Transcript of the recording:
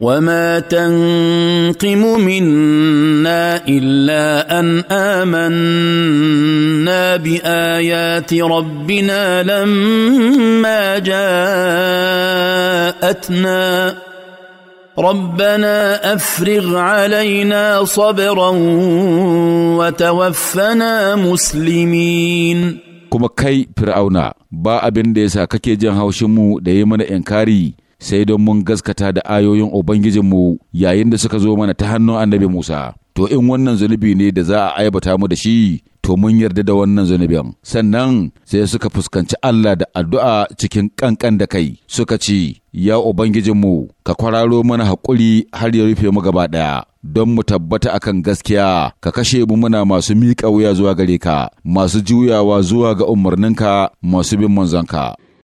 وما تنقم منا الا ان امنا بايات ربنا لما جاءتنا ربنا افرغ علينا صبرا وتوفنا مسلمين كما كي فرعون با ابن ديسا كاكي kake هاوشمو haushinmu انكاري sai don mun gaskata da ayoyin Ubangijinmu yayin da suka zo mana ta hannun annabi Musa. To in wannan zunubi ne da za a aibata mu da shi, to mun yarda da wannan zunubin. Sannan sai suka fuskanci Allah da addu'a cikin ƙanƙan da kai, suka ce, Ya Ubangijinmu, ka kwararo mana haƙuri har ya rufe mu gaba ɗaya. Don mu tabbata akan gaskiya, ka kashe mu muna masu miƙa wuya zuwa gare ka, masu juyawa zuwa ga umarninka, masu bin manzanka.